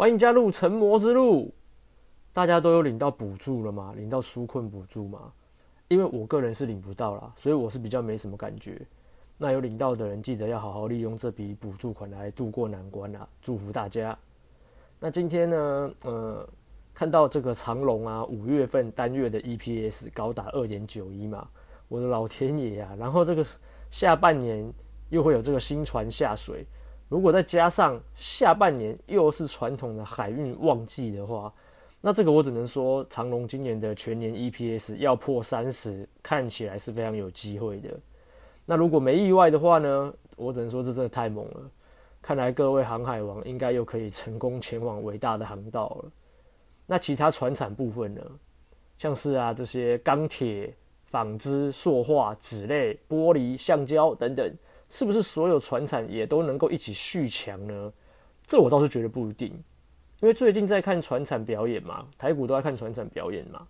歡迎加入成魔之路，大家都有領到補助了嗎？領到紓困補助嗎？因為我個人是領不到啦。所以我是比較沒什麼感覺。那有領到的人，記得要好好利用這筆補助款來度過難關啊！祝福大家。那今天呢？呃，看到這個長榮啊，五月份單月的 EPS 高達二點九一嘛，我的老天爺啊！然後這個下半年又會有這個新船下水。如果再加上下半年又是傳統的海運旺季的話，那這個我只能說長榮今年的全年 EPS 要破三十，看起來是非常有機會的。那如果沒意外的話呢，我只能說這真的太猛了。看來各位航海王應該又可以成功前往偉大的航道了。那其他傳產部分呢，像是啊這些鋼鐵、紡織、塑化、紙類、玻璃、橡膠等等。是不是所有傳產也都能夠一起續強呢？這我倒是覺得不一定，因為最近在看傳產表演嘛，台股都在看傳產表演嘛。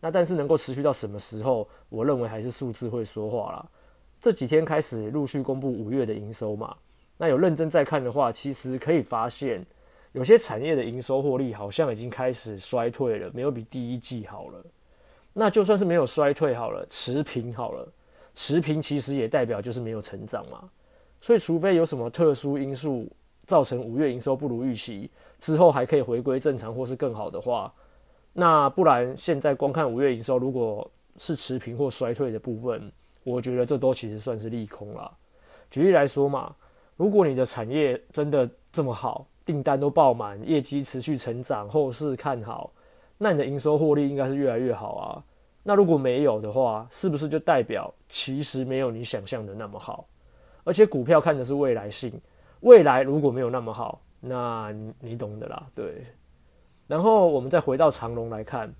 那但是能夠持續到什麼時候？我認為還是數字會說話啦。這幾天開始陸續公布五月的營收嘛，那有認真在看的話，其實可以發現有些產業的營收獲利好像已經開始衰退了，沒有比第一季好了。那就算是沒有衰退好了，持平好了。持平其實也代表就是沒有成長嘛，所以除非有什麼特殊因素造成五月營收不如預期，之後還可以回歸正常或是更好的話，那不然現在光看五月營收如果是持平或衰退的部分，我覺得這都其實算是利空啦。舉例來說嘛，如果你的產業真的這麼好，訂單都爆滿，業績持續成長，後市看好，那你的營收獲利應該是越來越好啊。那如果沒有的話，是不是就代表其實沒有你想象的那麼好？而且股票看的是未來性，未來如果沒有那麼好，那你懂的啦。對，然後我們再回到長榮來看，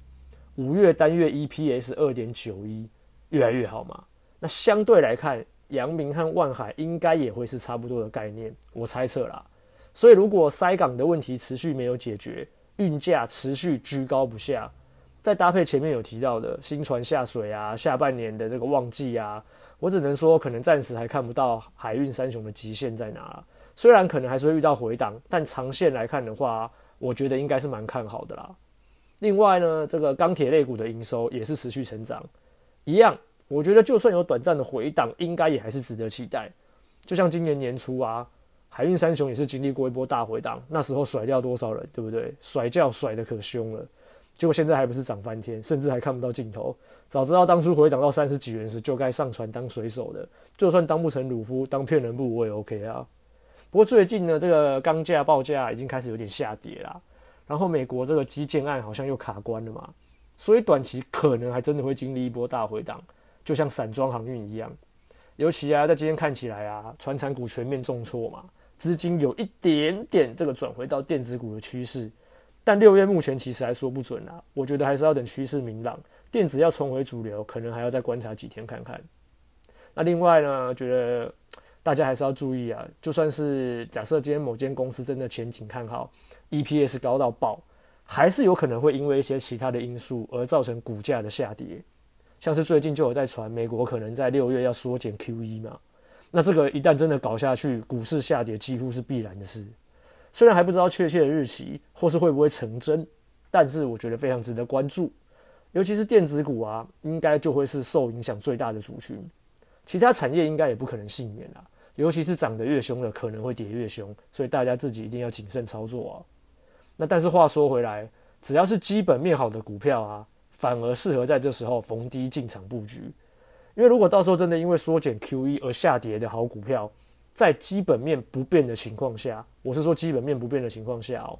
五月單月 EPS 二點九一，越來越好嘛？那相對來看，陽明和萬海應該也會是差不多的概念，我猜測啦。所以如果塞港的問題持續沒有解決，運價持續居高不下。再搭配前面有提到的新船下水啊，下半年的這個旺季啊，我只能說可能暫時還看不到海運三雄的極限在哪。雖然可能還是會遇到回檔，但長線來看的話，我覺得應該是蠻看好的啦。另外呢，這個鋼鐵類股的營收也是持續成長，一樣，我覺得就算有短暫的回檔，應該也還是值得期待。就像今年年初啊，海運三雄也是經歷過一波大回檔，那時候甩掉多少人，對不對？甩掉甩得可凶了。結果現在還不是漲翻天，甚至還看不到盡頭。早知道當初回檔到三十幾元時，就該上船當水手的。就算當不成魯夫，當騙人布我也 OK 啊。不過最近呢，這個鋼價報價已經開始有點下跌啦。然後美國這個基建案好像又卡關了嘛，所以短期可能還真的會經歷一波大回檔，就像散裝航運一樣。尤其啊，在今天看起來啊，傳產股全面重挫嘛，資金有一點點這個轉回到電子股的趨勢。但六月目前其實還說不準啊，我覺得還是要等趨勢明朗，電子要重回主流，可能還要再觀察幾天看看。那另外呢，覺得大家還是要注意啊，就算是假設今天某間公司真的前景看好，EPS 高到爆，還是有可能會因為一些其他的因素而造成股價的下跌。像是最近就有在傳美國可能在六月要縮減 QE 嘛，那這個一旦真的搞下去，股市下跌幾乎是必然的事。雖然還不知道確切的日期，或是會不會成真，但是我覺得非常值得關注。尤其是電子股啊，應該就會是受影響最大的族群，其他產業應該也不可能幸免啊。尤其是漲得越凶的，可能會跌越凶，所以大家自己一定要謹慎操作啊。那但是話說回來，只要是基本面好的股票啊，反而適合在這時候逢低進場布局，因為如果到時候真的因為縮減 QE 而下跌的好股票。在基本面不變的情況下，我是說基本面不變的情況下哦，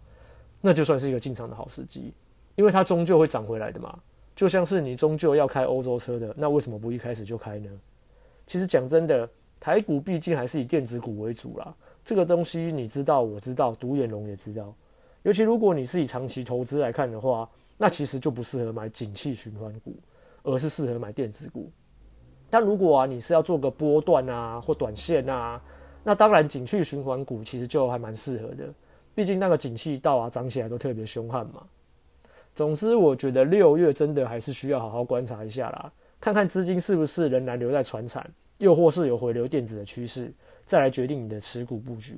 那就算是一個進場的好時機，因為它終究會漲回來的嘛。就像是你終究要開歐洲車的，那為什麼不一開始就開呢？其實講真的，台股畢竟還是以電子股為主啦。這個東西你知道，我知道，獨眼龍也知道。尤其如果你是以長期投資來看的話，那其實就不適合買景氣循環股，而是適合買電子股。但如果啊，你是要做個波段啊，或短線啊。那當然，景氣循環股其實就還蠻適合的，畢竟那個景氣到啊，漲起來都特別兇悍嘛。總之，我覺得六月真的還是需要好好觀察一下啦，看看資金是不是仍然留在傳產，又或是有回流電子的趨勢，再來決定你的持股布局。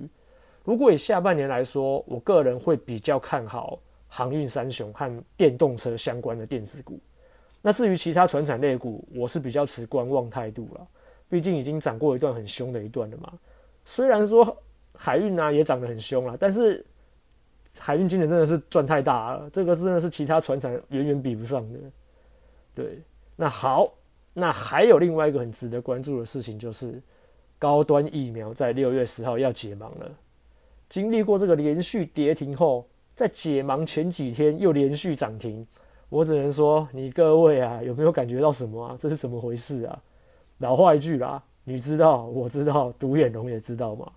如果以下半年來說，我個人會比較看好航運三雄和電動車相關的電子股。那至於其他傳產類股，我是比較持觀望態度啦，畢竟已經漲過一段很兇的一段了嘛。雖然說海運啊也漲得很凶了，但是海運今年真的是賺太大了，這個真的是其他船廠遠遠比不上的。對，那好，那還有另外一個很值得關注的事情，就是高端疫苗在六月十號要解盲了。經歷過這個連續跌停後，在解盲前幾天又連續漲停，我只能說你各位啊，有沒有感覺到什麼啊？這是怎麼回事啊？老話一句啦。你知道，我知道，獨眼龍也知道嘛。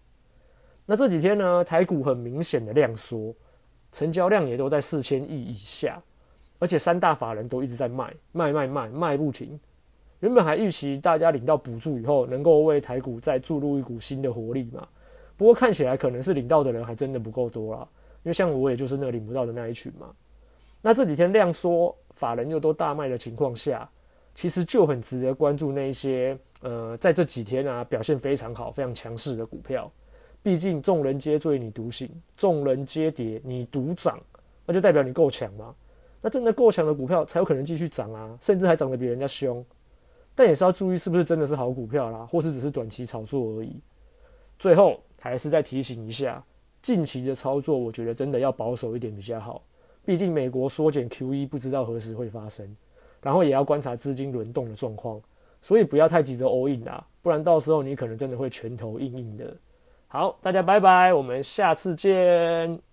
那這幾天呢，台股很明顯的量縮，成交量也都在四千億以下，而且三大法人都一直在賣，賣賣賣賣不停。原本還預期大家領到補助以後，能夠為台股再注入一股新的活力嘛，不過看起來可能是領到的人還真的不夠多啦，因為像我也就是那個領不到的那一群嘛。那這幾天量縮，法人又都大賣的情況下。其實就很值得關注，那些呃，在這幾天啊表現非常好、非常強勢的股票，畢竟眾人皆醉你獨醒，眾人皆跌你獨漲，那就代表你夠強嘛。那真的夠強的股票才有可能繼續漲啊，甚至還漲得比人家兇。但也是要注意是不是真的是好股票啦，或是只是短期炒作而已。最後還是再提醒一下，近期的操作我覺得真的要保守一點比較好，畢竟美國縮減 QE 不知道何時會發生。然後也要觀察資金輪動的狀況，所以不要太急着 all in 啊，不然到時候你可能真的會拳頭硬硬的。好，大家拜拜，我們下次見。